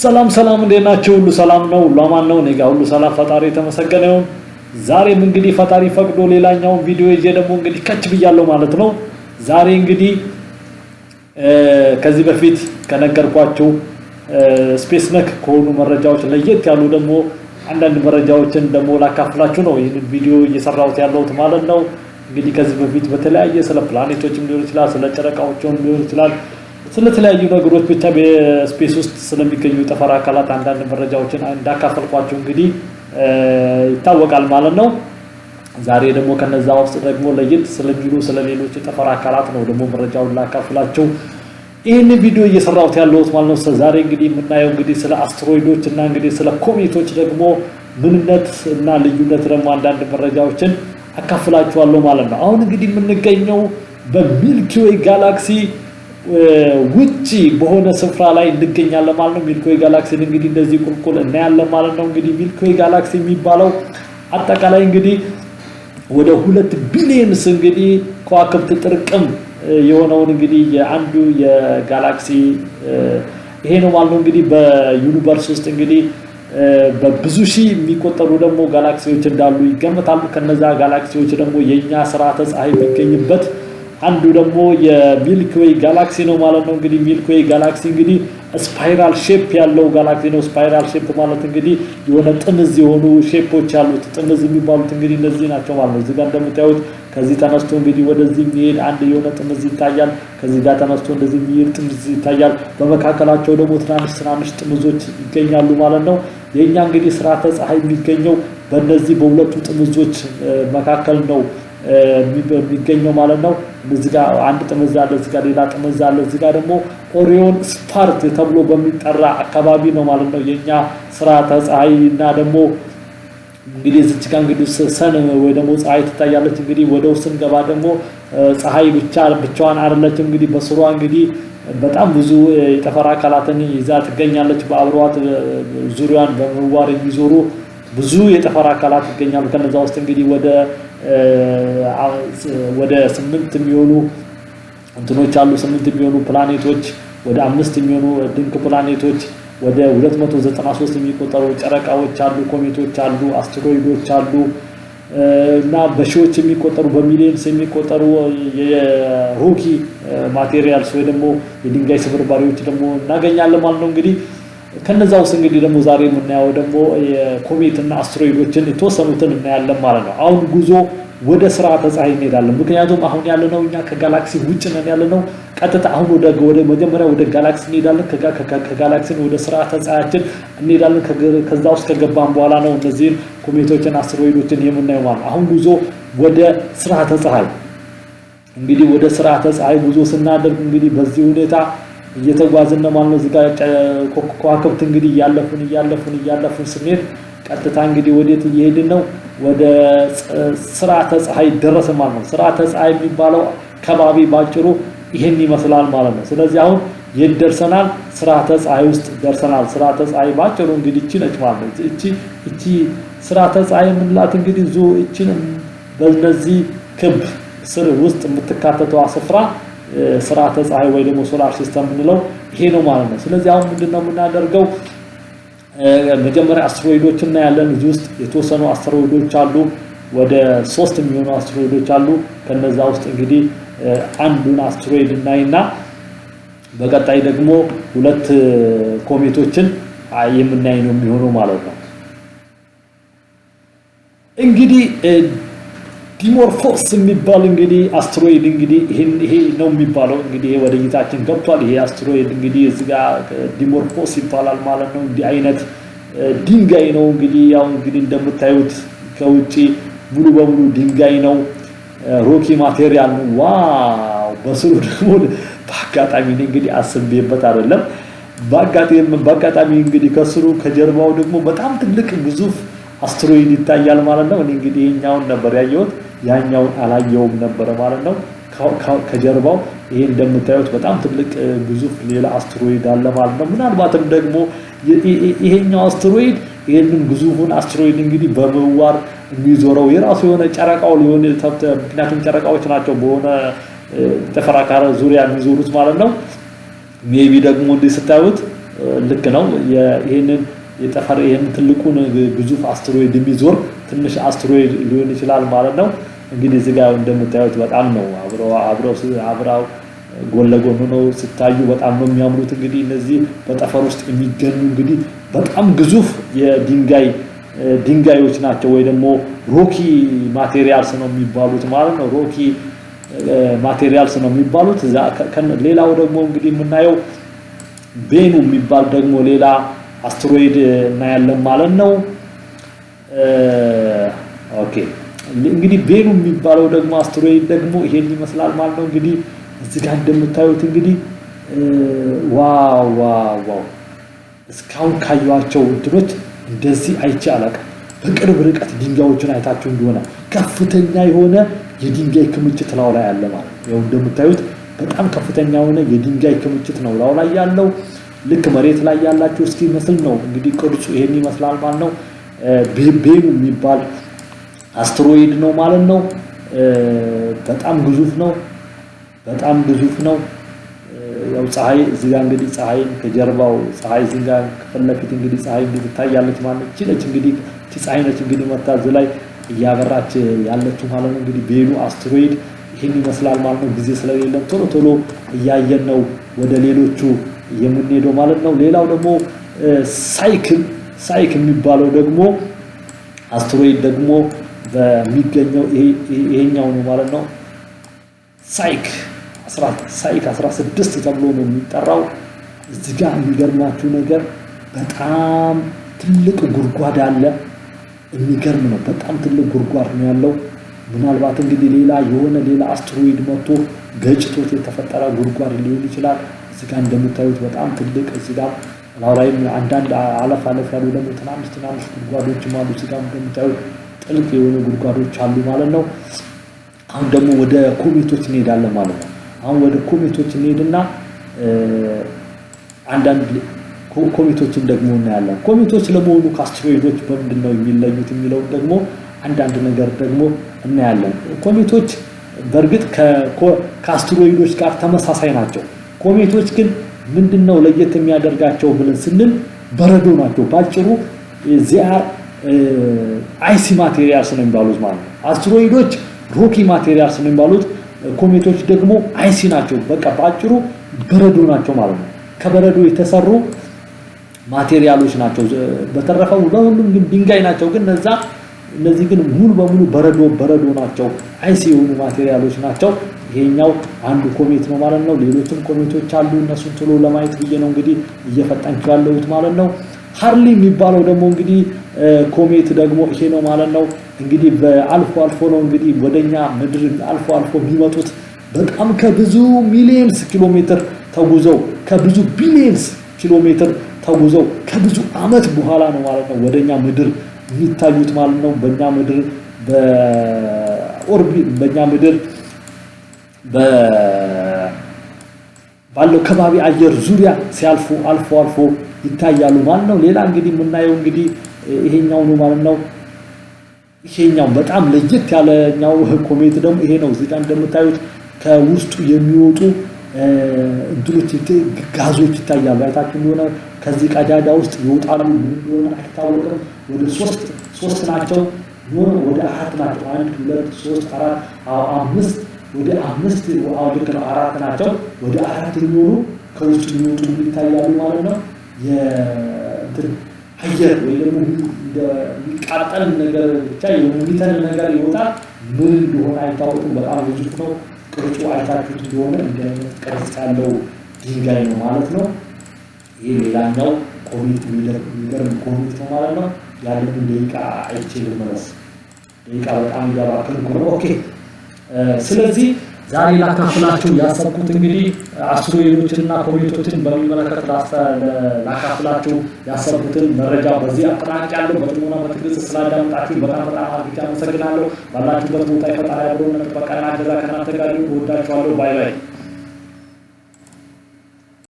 ሰላም ሰላም፣ እንዴት ናችሁ? ሁሉ ሰላም ነው፣ ሁሉ ነው። እኔ ጋር ሁሉ ሰላም፣ ፈጣሪ የተመሰገነ ይሁን። ዛሬም እንግዲህ ፈጣሪ ፈቅዶ ሌላኛውን ቪዲዮ ይዤ ደግሞ እንግዲህ ከች ብያለሁ ማለት ነው። ዛሬ እንግዲህ ከዚህ በፊት ከነገርኳችሁ ስፔስ ነክ ከሆኑ መረጃዎች ለየት ያሉ ደግሞ አንዳንድ መረጃዎችን ደግሞ ላካፍላችሁ ነው ይህንን ቪዲዮ እየሰራሁት ያለሁት ማለት ነው። እንግዲህ ከዚህ በፊት በተለያየ ስለ ፕላኔቶችም ሊሆን ይችላል፣ ስለ ጨረቃዎችም ሊሆን ይችላል ስለተለያዩ ነገሮች ብቻ በስፔስ ውስጥ ስለሚገኙ ጠፈር አካላት አንዳንድ መረጃዎችን እንዳካፈልኳቸው እንግዲህ ይታወቃል ማለት ነው። ዛሬ ደግሞ ከነዛ ውስጥ ደግሞ ለየት ስለሚሉ ስለሌሎች የጠፈር አካላት ነው ደግሞ መረጃውን ላካፍላቸው ይህን ቪዲዮ እየሰራሁት ያለሁት ማለት ነው። ዛሬ እንግዲህ የምናየው እንግዲህ ስለ አስትሮይዶች እና እንግዲህ ስለ ኮሜቶች ደግሞ ምንነት እና ልዩነት ደግሞ አንዳንድ መረጃዎችን አካፍላችኋለሁ ማለት ነው። አሁን እንግዲህ የምንገኘው በሚልኪዌይ ጋላክሲ ውጪ በሆነ ስፍራ ላይ እንገኛለን ማለት ነው። ሚልኮይ ጋላክሲን እንግዲህ እንደዚህ ቁልቁል እናያለን ማለት ነው። እንግዲህ ሚልኮይ ጋላክሲ የሚባለው አጠቃላይ እንግዲህ ወደ ሁለት ቢሊየንስ እንግዲህ ከዋክብት ጥርቅም የሆነውን እንግዲህ የአንዱ የጋላክሲ ይሄ ነው ማለት ነው። እንግዲህ በዩኒቨርስ ውስጥ እንግዲህ በብዙ ሺህ የሚቆጠሩ ደግሞ ጋላክሲዎች እንዳሉ ይገመታሉ። ከነዛ ጋላክሲዎች ደግሞ የኛ ስርዓተ ፀሐይ የሚገኝበት አንዱ ደግሞ የሚልክዌይ ጋላክሲ ነው ማለት ነው። እንግዲህ ሚልክዌይ ጋላክሲ እንግዲህ ስፓይራል ሼፕ ያለው ጋላክሲ ነው። ስፓይራል ሼፕ ማለት እንግዲህ የሆነ ጥምዝ የሆኑ ሼፖች ያሉት ጥምዝ የሚባሉት እንግዲህ እነዚህ ናቸው ማለት ነው። እዚህ ጋር እንደምታዩት ከዚህ ተነስቶ እንግዲህ ወደዚህ የሚሄድ አንድ የሆነ ጥምዝ ይታያል። ከዚህ ጋር ተነስቶ እንደዚህ የሚሄድ ጥምዝ ይታያል። በመካከላቸው ደግሞ ትናንሽ ትናንሽ ጥምዞች ይገኛሉ ማለት ነው። የእኛ እንግዲህ ስርዓተ ፀሐይ የሚገኘው በእነዚህ በሁለቱ ጥምዞች መካከል ነው የሚገኘው ማለት ነው። እዚጋ አንድ ጥምዝ አለ፣ እዚጋ ሌላ ጥምዝ አለ። እዚጋ ደግሞ ኦሪዮን ስፓርት ተብሎ በሚጠራ አካባቢ ነው ማለት ነው የኛ ስርዓተ ፀሐይ እና ደግሞ እንግዲህ እዚች ጋር እንግዲህ ሰን ወይ ደግሞ ፀሐይ ትታያለች። እንግዲህ ወደ ውስጥ ስንገባ ደግሞ ፀሐይ ብቻ ብቻዋን አይደለችም። እንግዲህ በስሯ እንግዲህ በጣም ብዙ የጠፈር አካላትን ይዛ ትገኛለች። በአብሯት ዙሪያን በምህዋር የሚዞሩ ብዙ የጠፈር አካላት ይገኛሉ። ከነዛ ውስጥ እንግዲህ ወደ ወደ ስምንት የሚሆኑ እንትኖች አሉ። ስምንት የሚሆኑ ፕላኔቶች ወደ አምስት የሚሆኑ ድንክ ፕላኔቶች ወደ 293 የሚቆጠሩ ጨረቃዎች አሉ፣ ኮሜቶች አሉ፣ አስትሮይዶች አሉ እና በሺዎች የሚቆጠሩ በሚሊዮንስ የሚቆጠሩ የሩኪ ማቴሪያልስ ወይ ደግሞ የድንጋይ ስብርባሪዎች ደግሞ እናገኛለን ማለት ነው እንግዲህ ከነዛ ውስጥ እንግዲህ ደግሞ ዛሬ የምናየው ደግሞ የኮሜትና አስትሮይዶችን የተወሰኑትን እናያለን ማለት ነው። አሁን ጉዞ ወደ ስርዓተ ፀሐይ እንሄዳለን። ምክንያቱም አሁን ያለነው እኛ ከጋላክሲ ውጭ ነን ያለነው። ቀጥታ አሁን ወደ መጀመሪያ ወደ ጋላክሲ እንሄዳለን። ከጋላክሲ ወደ ስርዓተ ፀሐያችን እንሄዳለን። ከዛ ውስጥ ከገባን በኋላ ነው እነዚህን ኮሜቶችን አስትሮይዶችን የምናየው ማለት ነው። አሁን ጉዞ ወደ ስርዓተ ፀሐይ እንግዲህ ወደ ስርዓተ ፀሐይ ጉዞ ስናደርግ እንግዲህ በዚህ ሁኔታ እየተጓዝን ነው ማለት ነው። እዚህ ጋር ከዋክብት እንግዲህ እያለፉን እያለፉን እያለፉን ስሜት ቀጥታ እንግዲህ ወዴት እየሄድን ነው? ወደ ስርዓተ ፀሐይ ደረስን ማለት ነው። ስርዓተ ፀሐይ የሚባለው ከባቢ ባጭሩ ይሄን ይመስላል ማለት ነው። ስለዚህ አሁን የት ደርሰናል? ስርዓተ ፀሐይ ውስጥ ደርሰናል። ስርዓተ ፀሐይ ባጭሩ እንግዲህ እቺ ነች ማለት ነው። እቺ እቺ ስርዓተ ፀሐይ የምንላት እንግዲህ ዙ እቺን በእነዚህ ክብ ስር ውስጥ የምትካተተዋ ስፍራ ስርዓተ ፀሐይ ወይ ደግሞ ሶላር ሲስተም የምንለው ይሄ ነው ማለት ነው። ስለዚህ አሁን ምንድነው የምናደርገው? መጀመሪያ አስትሮይዶችን እናያለን። እዚህ ውስጥ የተወሰኑ አስትሮይዶች አሉ። ወደ ሶስት የሚሆኑ አስትሮይዶች አሉ። ከነዛ ውስጥ እንግዲህ አንዱን አስትሮይድ እናይና በቀጣይ ደግሞ ሁለት ኮሜቶችን የምናይ ነው የሚሆነው ማለት ነው እንግዲህ ዲሞርፎስ የሚባል እንግዲህ አስትሮይድ እንግዲህ ይሄ ነው የሚባለው እንግዲህ ወደ እይታችን ገብቷል። ይሄ አስትሮይድ እንግዲህ እዚህ ጋር ዲሞርፎስ ይባላል ማለት ነው። እንዲህ አይነት ድንጋይ ነው እንግዲህ ያው እንግዲህ እንደምታዩት ከውጪ ሙሉ በሙሉ ድንጋይ ነው፣ ሮኪ ማቴሪያል ነው። ዋው! በስሩ ደግሞ በአጋጣሚ እንግዲህ አስቤበት አይደለም፣ በአጋጣሚ እንግዲህ ከስሩ ከጀርባው ደግሞ በጣም ትልቅ ግዙፍ አስትሮይድ ይታያል ማለት ነው። እኔ እንግዲህ ይሄኛውን ነበር ያየሁት። ያኛውን አላየውም ነበረ ማለት ነው። ከጀርባው ይሄ እንደምታዩት በጣም ትልቅ ግዙፍ ሌላ አስትሮይድ አለ ማለት ነው። ምናልባትም ደግሞ ይሄኛው አስትሮይድ ይህንን ግዙፉን አስትሮይድ እንግዲህ በምህዋር የሚዞረው የራሱ የሆነ ጨረቃው ሊሆን ምክንያቱም ጨረቃዎች ናቸው በሆነ ተፈራካረ ዙሪያ የሚዞሩት ማለት ነው። ሜቢ ደግሞ እንዲህ ስታዩት ልክ ነው። ይህንን የጠፈር ይህን ትልቁን ግዙፍ አስትሮይድ የሚዞር ትንሽ አስትሮይድ ሊሆን ይችላል ማለት ነው። እንግዲህ እዚህ ጋር እንደምታዩት በጣም ነው አብረው አብረው አብራው ጎን ለጎን ሆነው ስታዩ በጣም ነው የሚያምሩት። እንግዲህ እነዚህ በጠፈር ውስጥ የሚገኙ እንግዲህ በጣም ግዙፍ የድንጋይ ድንጋዮች ናቸው ወይ ደግሞ ሮኪ ማቴሪያልስ ነው የሚባሉት ማለት ነው። ሮኪ ማቴሪያልስ ነው የሚባሉት። ሌላው ደግሞ እንግዲህ የምናየው ቤኑ የሚባል ደግሞ ሌላ አስትሮይድ እናያለን ማለት ነው። ኦኬ እንግዲህ ቤሉ የሚባለው ደግሞ አስትሮይድ ደግሞ ይሄን ይመስላል ማለት ነው። እንግዲህ እዚህ ጋር እንደምታዩት እንግዲህ ዋው ዋው ዋው እስካሁን ካዩዋቸው እንትኖች እንደዚህ አይቼ አላውቅም። በቅርብ ርቀት ድንጋዮችን አይታችሁ እንደሆነ ከፍተኛ የሆነ የድንጋይ ክምችት ላው ላይ አለ ማለት ነው። እንደምታዩት በጣም ከፍተኛ የሆነ የድንጋይ ክምችት ነው ላው ላይ ያለው። ልክ መሬት ላይ ያላችሁ እስኪ መስል ነው እንግዲህ ቅርጹ ይሄን ይመስላል ማለት ነው። ቤሉ የሚባል አስትሮይድ ነው ማለት ነው። በጣም ግዙፍ ነው። በጣም ግዙፍ ነው። ያው ፀሐይ እዚህ ጋር እንግዲህ ፀሐይ ከጀርባው ፀሐይ እዚህ ጋር ከፊት ለፊት እንግዲህ ፀሐይ እንግዲህ ትታያለች ማለት እቺ ነች እንግዲህ እቺ ፀሐይ ነች እንግዲህ መታዝ ላይ እያበራች ያለችው ማለት ነው። እንግዲህ ቤሉ አስትሮይድ ይህን ይመስላል ማለት ነው። ጊዜ ስለሌለም ቶሎ ቶሎ እያየን ነው ወደ ሌሎቹ የምንሄደው ማለት ነው። ሌላው ደግሞ ሳይክል ሳይክ የሚባለው ደግሞ አስትሮይድ ደግሞ በሚገኘው ይሄኛው ነው ማለት ነው። ሳይክ ሳይክ 16 ተብሎ ነው የሚጠራው። እዚህ ጋር የሚገርማችሁ ነገር በጣም ትልቅ ጉድጓድ አለ። የሚገርም ነው። በጣም ትልቅ ጉድጓድ ነው ያለው። ምናልባት እንግዲህ ሌላ የሆነ ሌላ አስትሮይድ መጥቶ ገጭቶት የተፈጠረ ጉድጓድ ሊሆን ይችላል። እዚህ ጋር እንደምታዩት በጣም ትልቅ እዚህ ጋር ላይም አንዳንድ አለፍ አለፍ ያሉ ደግሞ ትናንሽ ትናንሽ ጉድጓዶችም አሉ። እዚህ ጋር እንደምታዩት ጥልቅ የሆኑ ጉድጓዶች አሉ ማለት ነው። አሁን ደግሞ ወደ ኮሜቶች እንሄዳለን ማለት ነው። አሁን ወደ ኮሜቶች እንሄድና አንዳንድ ኮሜቶችን ደግሞ እናያለን። ኮሜቶች ለመሆኑ ከአስትሮይዶች በምንድን ነው የሚለዩት የሚለውን ደግሞ አንዳንድ ነገር ደግሞ እናያለን። ኮሜቶች በእርግጥ ከአስትሮይዶች ጋር ተመሳሳይ ናቸው። ኮሜቶች ግን ምንድን ነው ለየት የሚያደርጋቸው ብለን ስንል በረዶ ናቸው። በአጭሩ ዚአር አይሲ ማቴሪያልስ ነው የሚባሉት ማለት ነው። አስትሮይዶች ሮኪ ማቴሪያልስ ነው የሚባሉት፣ ኮሜቶች ደግሞ አይሲ ናቸው። በቃ በአጭሩ በረዶ ናቸው ማለት ነው። ከበረዶ የተሰሩ ማቴሪያሎች ናቸው። በተረፈው ለሁሉም ግን ድንጋይ ናቸው። ግን እነዛ እነዚህ ግን ሙሉ በሙሉ በረዶ በረዶ ናቸው። አይሲ የሆኑ ማቴሪያሎች ናቸው። ይሄኛው አንዱ ኮሜት ነው ማለት ነው። ሌሎችም ኮሜቶች አሉ። እነሱን ቶሎ ለማየት ብዬ ነው እንግዲህ እየፈጠንኩ ያለሁት ማለት ነው። ሀርሊ የሚባለው ደግሞ እንግዲህ ኮሜት ደግሞ ይሄ ነው ማለት ነው እንግዲህ በአልፎ አልፎ ነው እንግዲህ ወደኛ ምድር አልፎ አልፎ የሚመጡት በጣም ከብዙ ሚሊየንስ ኪሎ ሜትር ተጉዘው ከብዙ ቢሊየንስ ኪሎ ሜትር ተጉዘው ከብዙ አመት በኋላ ነው ማለት ነው ወደኛ ምድር የሚታዩት ማለት ነው በእኛ ምድር በኦርቢ በእኛ ምድር ባለው ከባቢ አየር ዙሪያ ሲያልፉ አልፎ አልፎ ይታያሉ ማለት ነው። ሌላ እንግዲህ የምናየው እንግዲህ ይሄኛው ነው ማለት ነው። ይሄኛው በጣም ለየት ያለኛው ኮሜት ደግሞ ይሄ ነው። እዚህ ጋር እንደምታዩት ከውስጡ የሚወጡ እንትሎች ጋዞች ይታያሉ። አይታችሁ እንደሆነ ከዚህ ቀዳዳ ውስጥ ይወጣሉ እንደሆነ አይታወቅም። ወደ ሶስት ሶስት ናቸው ወደ አራት ናቸው። አንድ ሁለት ሶስት አራት አምስት ወደ አምስት አውድቅ ነው አራት ናቸው። ወደ አራት የሚሆኑ ከውስጥ የሚወጡ ይታያሉ ማለት ነው። አየር ወይ ደግሞ የሚቃጠል ነገር ብቻ የሚተን ነገር ይወጣ ምን እንደሆነ አይታወቅም። በጣም ግዙፍ ነው። ቅርጹ አይታችሁት እንደሆነ እንዲህ አይነት ቅርጽ ያለው ድንጋይ ነው ማለት ነው። ይህ ሌላኛው ኮሚት የሚገርም ኮሚት ነው ማለት ነው። ያለን ደቂቃ አይቼ ልመለስ። ደቂቃ በጣም እያባከንኩ ነው። ኦኬ ስለዚህ ዛሬ ላካፍላችሁ ያሰብኩት እንግዲህ አስሩ ሌሎችንና ኮሚኒቲዎችን በሚመለከት ላካፍላችሁ ያሰብኩትን መረጃ በዚህ አጠናቅቄያለሁ። በጥሞና በትዕግስት ስላዳመጣችሁ በጣም በጣም አድርጌ አመሰግናለሁ። ባላችሁበት ቦታ የፈጣሪ ያለውን ጥበቃና ገዛ ከእናንተ ጋር ይሁን። ባይ ባይ።